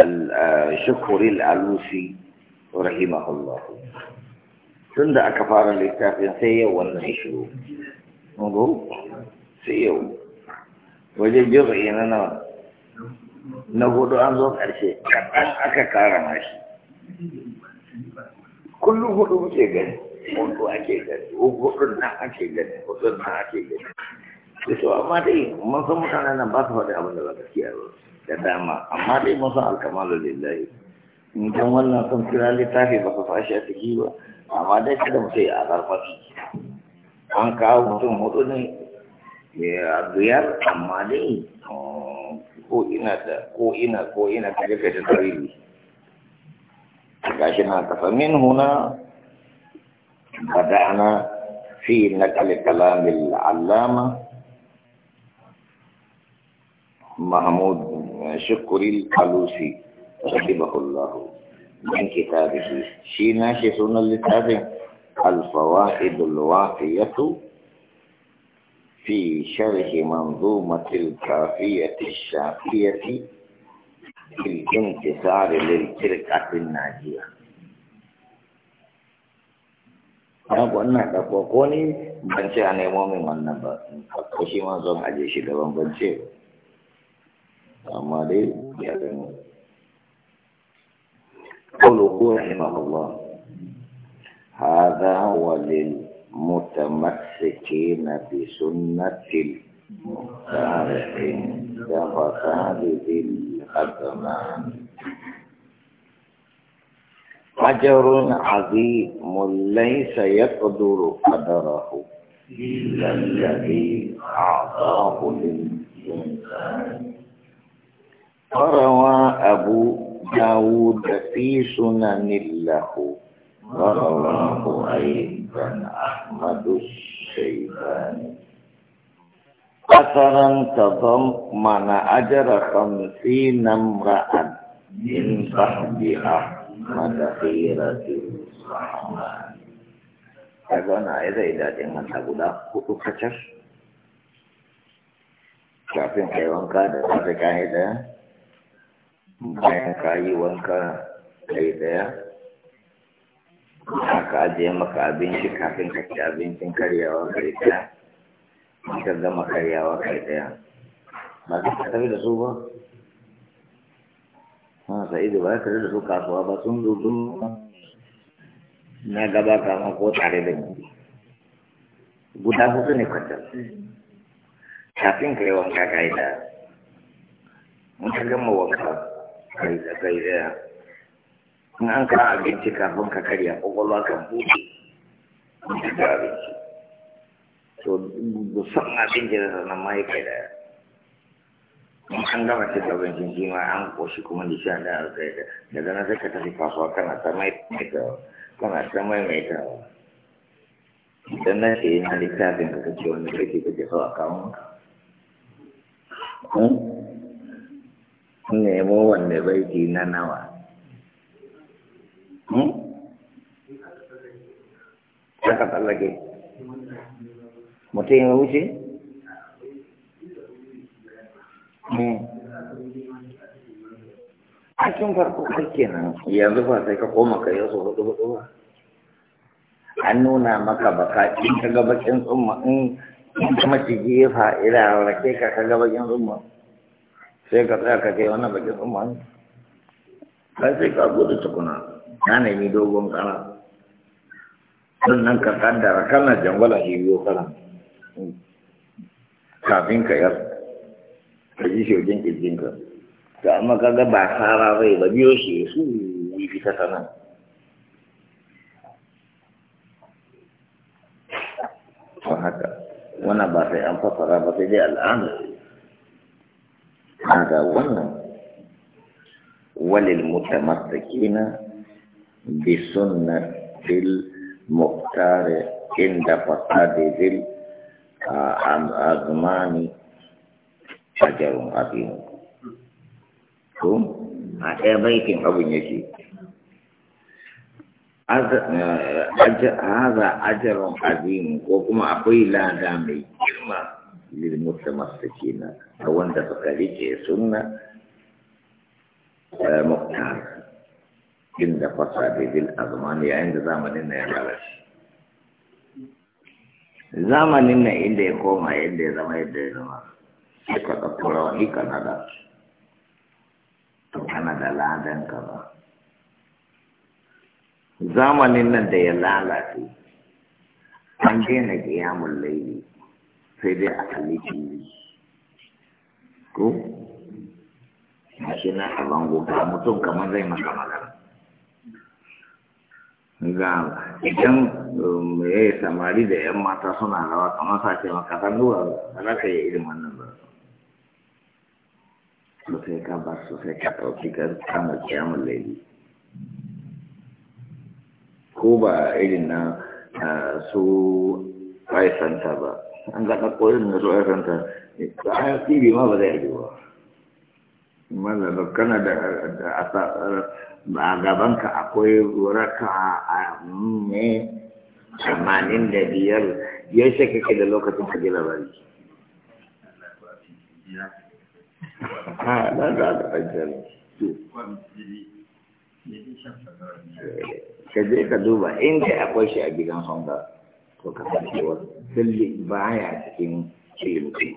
الشكر الألوسي رحمه الله تند أكفارا للكافر سيو والنعشر نظر سيو وجه جرعي لنا نقول أن ذات أرشي كأن أكاكارا ماشي كل هو مشيغن هو أكيغن هو كنا أكيغن هو كنا أكيغن لسوا ما تي ما سمعنا أنا بس هذا أبدا بس كيارو da dama amma dai masu alkamalu lillahi in kan wannan sun kira littafi ba su fashi a ciki ba amma dai kada mutum ya zarfafi an kawo mutum hudu ne ya biyar amma dai oh, ko ina da ko ina ko ina kaje tarihi gashi na kafa min huna bada'ana fi naqal kalam al mahmud شكر القلوسي رحمه الله من كتابه شينا شسون للتابع الفوائد الواقية في شرح منظومة الكافية الشافية في الانتصار للفرقة الناجية Abu anak tak kuat ni, baca aneh momen mana ba. Kau si mazom aja si dalam ba. أما ليه قوله رحمه الله هذا وللمتمسكين بسنة المختار عند فساد ذي الأزمان أجر عظيم ليس يقدر قدره إلا الذي أعطاه لله فروى أبو داود في سنن له ورواه أيضا أحمد الشيباني أثرا تضمن أجر خمسين امرأة من صحب أحمد خيرة الرحمن أظن إذا إذا جمعت أبو داود كتر شافين حيوان كان هذا كان bayan ka yi wanka kai daya aka ajiye maka abinci kafin ka ci abincin karyawa kai daya ka gama karyawa kai daya ba ka tafi da su ba ha sa'idu ba ka da su kasuwa ba sun dubun na gaba kama ko tare da ni guda hudu ne kwatar kafin ka yi wanka kai ɗaya. mun ka gama wanka kai da kai daya in an ka abinci kafin ka karya kwakwalwa kan buɗe da ga abinci to san abinci da sannan ma ya kai daya in an gama cin abincin shi ma an koshi kuma nishan da aka yi daga nan sai ka tafi kasuwa kana ta mai kana ta mai mai tawa idan na ce yana littafin ka kace wani kake kake so a kawo maka hmm? nemo wanne baiti na nawa hmm? aka tsallake mutum ya wuce hmm. a cikin farko kake nan yanzu ba sai ka koma ka yi su hudu hudu ba an nuna maka baka in ka gabakin tsumma in ka maciji ya fa'ira rake ka ka gabakin tsumma sai ka tsaya ka kai wannan bakin tsamman kai sai ka gudu tukuna ya nemi dogon kana sannan ka kaddara kana jangwala shi biyo kana kafin ka yar ka ji shogin kirjinka Ka amma kaga ba sara rai ba biyo shi su yi fita sanan haka wannan ba sai an fasara ba sai dai al'amari ada wannan walil mutamattakina bi sunnatil muqtare inda fata da zil a azmani shajarun abin ko a ɗaya baitin abin yake Haza ajarun azimu ko kuma akwai lada mai girma للمتمسكين أو أن تفكريك سنة مختار عند فساد بالأزمان عند زمن يعرف zamanin na inda ya koma yadda ya zama yadda ya zama sai ka ɗauko to kana ladan ka ba zamanin nan da ya lalace an daina kiyamun laili sai dai a kalli tv ko a shi na a bango ga mutum kamar zai maka magana ga idan um, ya yi samari da yan mata suna rawa kamar sace maka sanuwa ba za ka yi irin wannan ba sosai ka ba sosai ka ɗauki ka kama kiyamun laifi ko ba irin na ah, su aisanta ba an ga ɗauko irin da so ya kanta da aya ma ba zai ajiye ba mana a gabanka akwai raka a ne tamanin da biyar yau sai kake da lokacin ka ji labari ha na da da ajiyar ka je ka duba inda akwai shi a gidan songa to dalle ba baya cikin celutu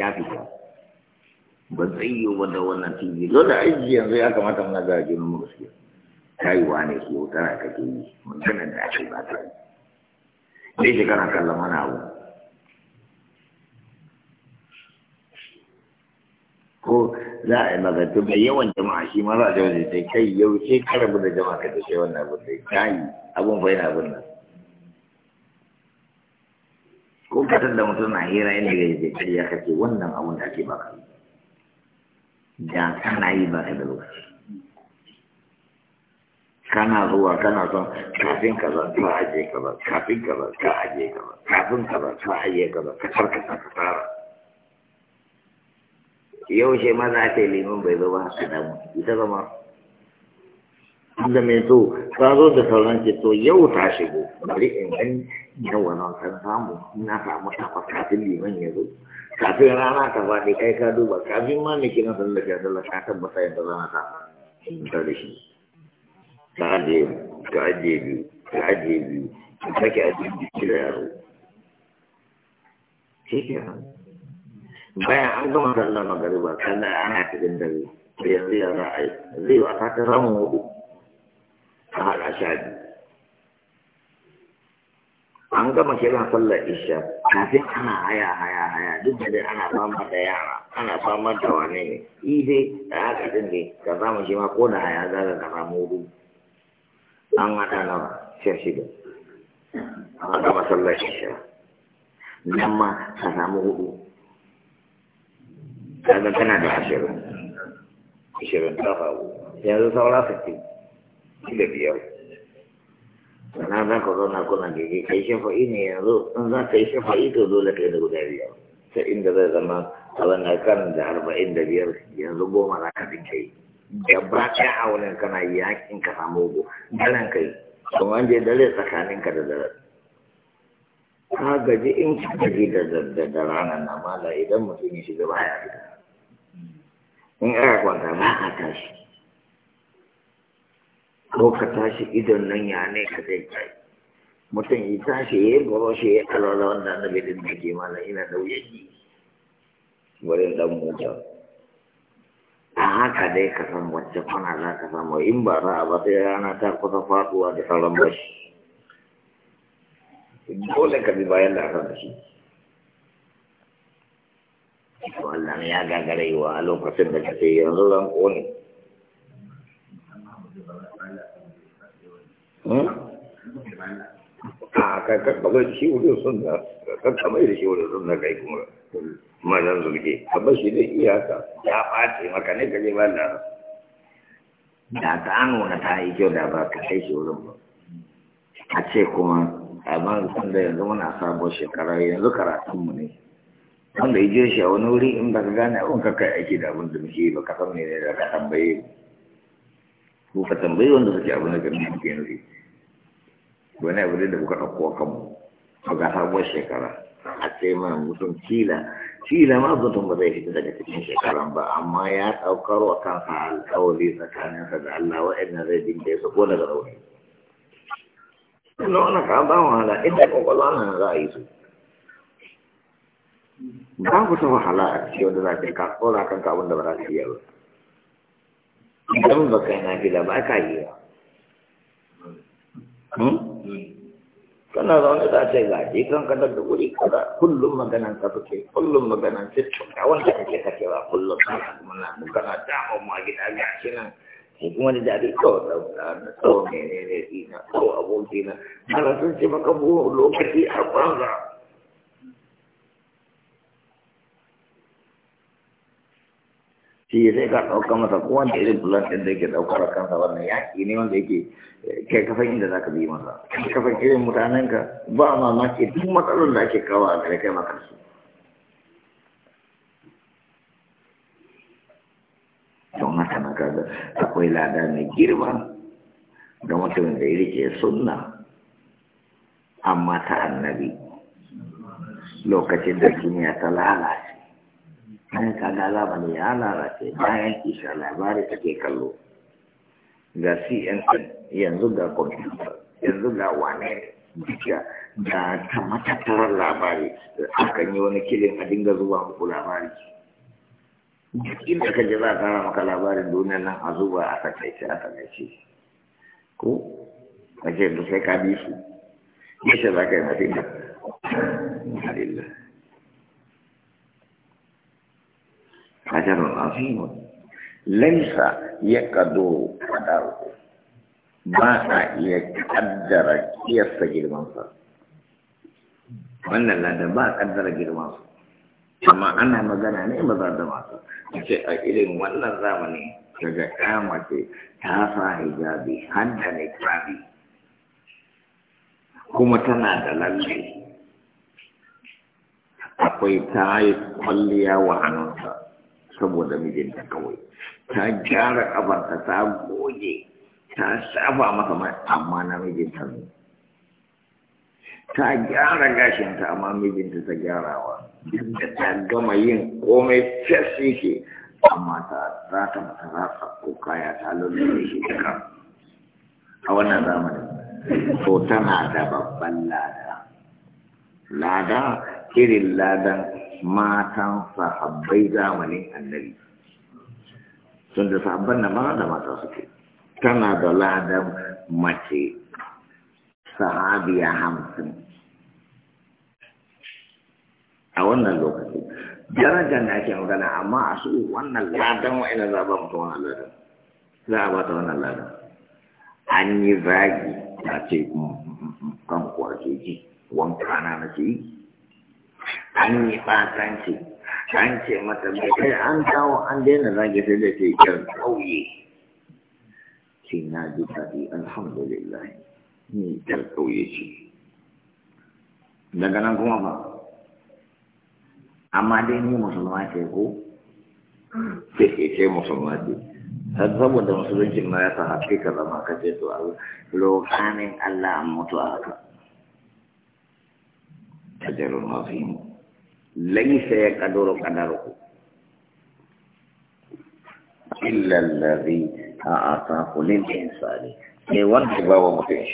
ya fita ba zai yi wa da wannan tv dole aiki yanzu ya kamata muna ga jinin mu gaskiya kaiwa ne ke wuta na ke yi maganar da ake ba ta ne shi kana kallon wani abu ko za a yi magatu mai yawan jama'a shi ma za a jawo da kai yau sai karabu da jama'a ka da shi wannan abu sai kayi abun bai yana abun nan ko katar da mutum na hira inda ya je kariya kake wannan abun da ake baka da kana yi ba da lokaci kana zuwa kana son kafin ka zan ka aje ka ba kafin ka ba ka aje ka ba kafin ka ba ka aje ka ba ka tarkata ka fara shi maza ce limin bai zo ba ka damu ita zama da mai so ta zo da sauran ce to yau ta shigo bari in gani yawa na kan samu ina samu takwas kafin liman ya zo kafin rana ta faɗi kai ka duba kafin ma mai kiran sallar da sallar ka tabbata yadda rana ta ta da shi ta ajiye ta ajiye biyu ta ajiye biyu ta sake ajiye biyu da yaro shi ke bayan an gama sallar magariba sannan ana cikin dare yanzu ya za a yi zai wata ta samun hudu a haɗa sha biyu an gama kiran sallar isha kafin ana haya haya haya duk da dai ana fama da yara ana fama da wane ne i dai a haka din ne shi ma ko da haya za ka kama muru an haɗa nawa sha shida an gama sallar isha nan ma kana da ta da biyar sana za ka zauna kuna gege kai shafa'i ne yanzu in za ka yi shafa'i to dole kai da guda biyar ta inda zai zama abin kan da arba'in da biyar yanzu goma za ka dinka yi gaba ɗaya a wurin kana yakin ka samu go daren kai kuma an je dare tsakaninka da dare. ka gaji in ka gaji da da ranar na mala idan mutum ya shiga baya fita in aka kwanta ba ka tashi ko ka tashi idon nan ya ne ka zai kai mutum ya tashi ya yi goro shi ya kalwala wanda annabi din da ke mana ina da wuyan yi wurin dan mota a haka dai ka san wacce kwana za ka samu in ba za a ba sai rana ta kusa faduwa da sauran bashi dole ka bi bayan la'asar da shi wannan ya gagara yi wa lokacin da ka ce yanzu ran ƙone Ah, a kai ba zai shi wurin sun da kakar mai da shi wurin sun da kai kuma mazan zurge abin shi zai iya ya ɓace maka ne ka je ba da da ta nuna ta yi kyau da ba ka kai shi wurin ba a ce kuma a ban sun da yanzu muna sabon shekara yanzu karatun mu ne wanda ya je shi a wani wuri in ba ka gane abin ka kai aiki da abin da muke ba ka san ne da ka tambaye Ku ka tambayi wanda suke abu na gami suke nufi wani abu da kuka ɗauko kanmu a ga sabuwar shekara a ce mana mutum Cila. Cila ma mutum ba zai fita daga cikin shekaran ba amma ya ɗaukar wa kansa alƙawari tsakaninsa da Allah wa zai dinga ya ko daga rauni. Ina wani ka ba wahala inda kwakwalwa nan za a yi su. Babu ta wahala a cikin wanda za ka yi ka ba idan ba kai na gida ba ka yi ba hmm? kana zaune da ce gaji kan ka da wuri kada kullum maganan ka kake kullum maganan ce ka wanda kake kake ba kullum kana muna kana ma gida ga shi nan sai kuma da dadi to da na to ne ne ne ina to aboki na kana sun ce maka bu lokaci a banza shi ya sai ka ɗauka masa ko wanda irin bulan ɗin da yake ɗaukar kansa wannan yaƙi ne wanda yake kai kasan inda za ka bi masa kai kasan irin mutanen ka ba a mamaki duk matsalar da ake kawo a gare kai maka su don haka na kaga akwai lada mai girma ga mutumin da ya rike sunna amma ta annabi lokacin da duniya ta lalace an kaga zamani ya lalace bayan isha labari take kallo ga yang juga komputer, yang juga wanet wane dah sama ta matattarar labari akan yi kiri kilin a dinga zuwa muku labari inda ka ji za a maka labarin duniyar nan a zuba a takaice a takaice ko a ce da sai ka bi su yadda za أجر عظيم ليس يقدر قدره ما يقدر قياس girmansa, wannan lada ba kaddara girman su amma ana magana ne maza da masu ce a irin wannan zamani daga kama ta sa hijabi har da niqabi kuma tana da lalle akwai ta yi kwalliya wa hannunta saboda mijinta kawai ta gyara kafarta ta goge ta saba masa mai amma na mijinta ne ta gyara gashinta amma mijinta ta gyarawa duk da ta gama yin komai fes yake amma ta za ta mata rasa ko kaya ta lullube shi duka a wannan zamani. So tana da babban lada lada irin ladan matan sahabbai zamanin annabi tun da sahabban na mara da mata suke tana da ladan mace sahabiya hamsin a wannan lokaci darajar da ake magana amma a su wannan ladan wa'ina za a ba mutum wannan ladan za a ba ta wannan ladan an yi zagi a ce mm, mm, mm, kan kwarce ji wanka na na ce yi an yi fatanci an ce mata mai kai an kawo an daina zage sai da ce kyar kauye. ce na ji daɗi alhamdulillah ni kyar kauye ce daga nan kuma ba amma dai ni musulma ce ko ce ke ce musulma ce har saboda musulunci ma ya sa haƙi ka zama ka ce to a Allah an mutu a haka. Tajarun mafi mu. ليس سي كادورو الا الذي أعطاه للإنسان انسان سي وان بابا مكيش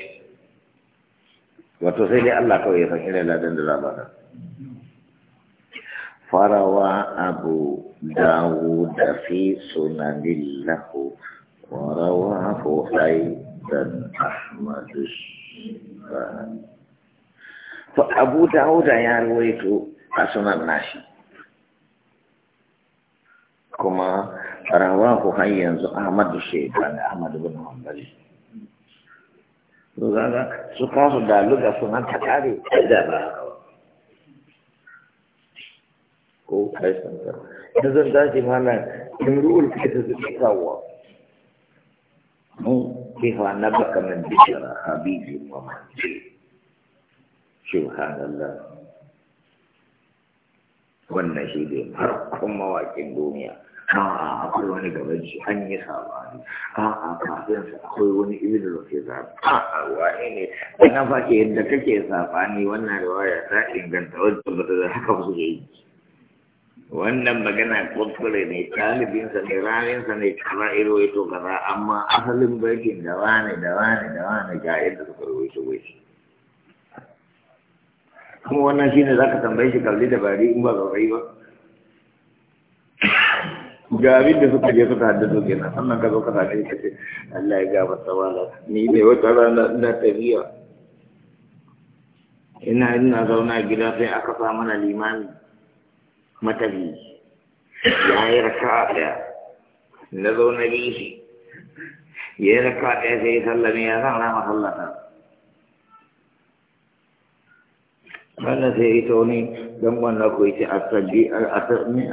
وتوسي لي الله كو يفكر لا دند لا فروى ابو داود في سنن الله ورواه سيد احمد فأبو داود يا رويته a sunan nashi kuma rawahu har yanzu ahmadu shaitan ahmadu bin hanbali to su kasu da luga sunan ta kare da ba ko kai san ta yanzu da shi mana imru'ul fitu su kawo mu kifa nabaka min bishara habibi wa manji subhanallah wannan shi ne farkon mawakin duniya a'a akwai wani gaban shi an yi sabani a'a kafin sa akwai wani ibnu a a'a waye ne wannan fa yadda kake sabani wannan riwaya ta inganta wajen ba da haka ba su yi wannan magana kuskure ne ɗalibinsa ne raninsa ne kaza iro ya to kaza amma asalin bakin da wane da wane da wane ga yadda suka rawaito wai shi kuma wannan shi ne za ka tambaye shi kalli da bari in ba zaurayi ba ga abin da suka je suka haddasa kenan sannan ka zo ka same shi ce Allah ya gaba tawala ni ne wata rana na tafiya ina ina zauna gida sai aka sa mana limami matafi ya yi raka ɗaya na zauna bishi ya yi raka ɗaya sai ya sallame ya zan rama sallata wannan sai ita wani don wannan ko yace a sabbi a sabbi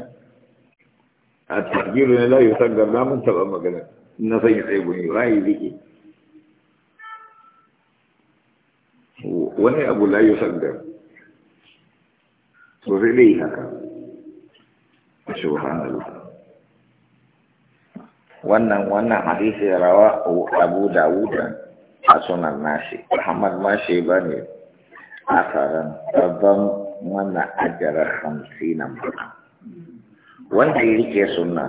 a tajiru ne la yusangar na mun taɓa magana na san tsaye guni rai ziki wani abu la yusangar to sai dai haka subhanallah wannan wannan hadisi rawa oh, Abu Dawud a sunan nashi Muhammad mashi bane asaran rabban wannan ajiyar na mara wanda ya rike suna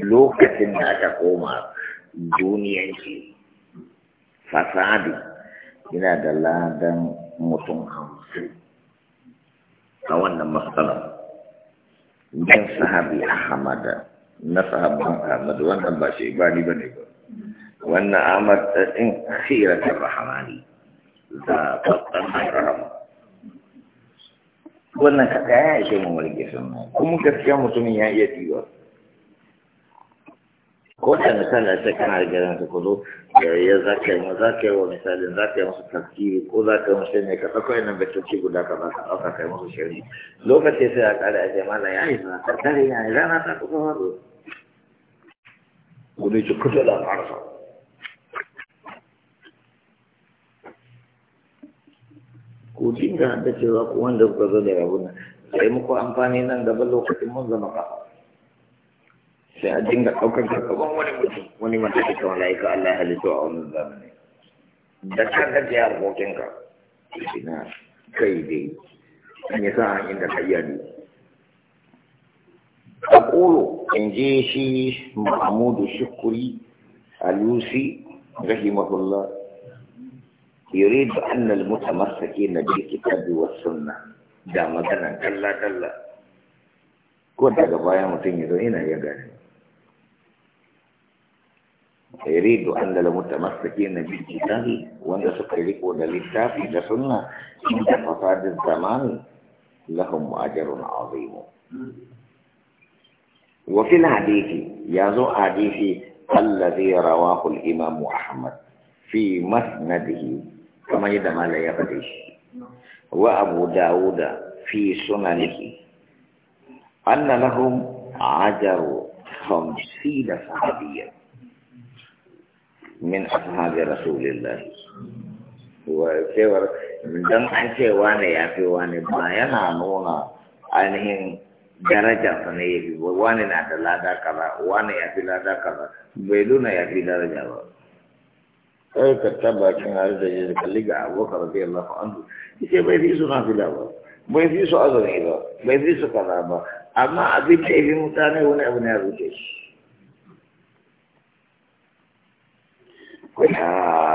lokacin da aka koma duniyan ke. fasadi yana da ladan mutum hamsin a wannan matsalar don sahabi ahmada na sahabban ahmad wannan ba shi ba ni ba ne ba wannan ahmad ɗin eh, ta rahamani zaɓaɓɓen haram wannan kaɗa ya ishe mu mulki sunna kuma gaskiya mutumin ya iya diwa ko da misali a sai kana da gidan su kudu ya za ka yi za ka yi wa misalin za ka yi musu tafkiri ko za ka yi musu ne ka ɗauko yana bacci guda ka ba ka ɗauka ka yi musu shiri lokaci sai a ƙara a ce mana ya yi sana ta dare ya yi rana ta kusa faɗo gudu ci kudu da al'arfa ku dinga haddacewa ku wanda kuka zo da rabuna sai muku amfani nan da gaba lokacin mun zama kafa sai a dinga ɗaukar gaban wani mutum wani mata da kawai laika Allah ya halittu a wannan zamani da ka gajiya harkokinka ina kai dai an yi sa'an inda ka iya ne أقول إن جيشي محمود الشكري اليوسي رحمه الله يريد أن المتمسكين بالكتاب والسنة دا مدنا كلا كلا كنت تاقا بايا مطيني دو إنا يا يريد أن المتمسكين بالكتاب وأن تقريبك وللتاب إلى سنة عند فساد الزمان لهم أجر عظيم وفي الحديث يازو حديث الذي رواه الإمام أحمد في مسنده kamar yadda malai ya faɗe shi wa abu dawuda fi sunanihi anna lahum ajaru da sahabiyya min ashabi rasulillah wa cewar don an ce wane ya fi wane ba yana nuna ainihin darajarsa ne ya fi wane na da lada kaza wani ya fi lada kaza bai nuna ya fi daraja ba sai ka taba kin har da ya kalli ga abubakar radiyallahu anhu yace bai fi su fila ba bai fi su azumi ba bai fi su kaza ba amma abin da yafi mutane wani abu ne ya zuce shi ya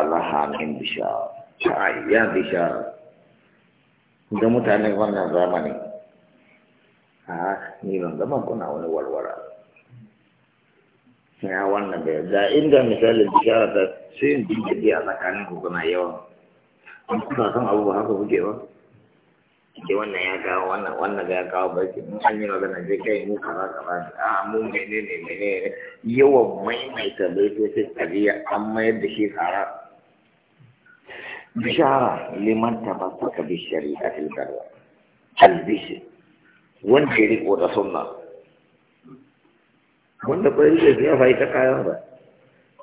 laha min bishara ai ya bishara da mutane wannan zamani a ni ban gama kuna wani warwara ya wannan da da inda misalin bishara ta sai in a tsakanin ku kuna yawa in kuna son abu ba haka kuke ba ke wannan ya kawo wannan wannan ya kawo barki mun an yi magana zai kai mu kaza kaza a mu mene ne yawan maimaita baitocin tsariya an mayar da shi kara bishara liman tabbata ka bishari a tilkarwa albishi wanda ya riko da sunna wanda kudin da ya fa ta kayan ba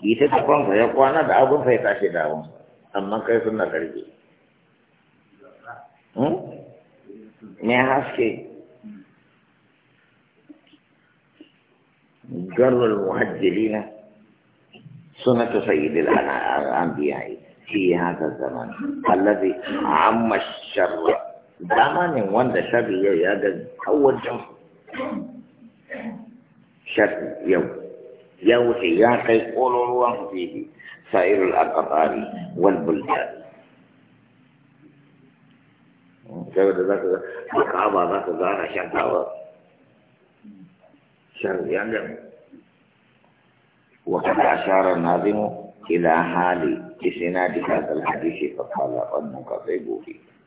ita ta kwanfa ya kwana da abun fa ya tashi da abun amma kai suna karge hmm? me haske garwal muhajjirina سنة سيد الأنبياء في هذا الزمن الذي عم الشر زمن وند ya ga أول جمهور الشر يوم يوحي يا قول الله فيه سائر الأقطار والبلدان saboda za ذاك ga ذاك za ka gara shan kawa وقد أشار الناظم إلى حال إسناد هذا الحديث فقال أنك غيب فيه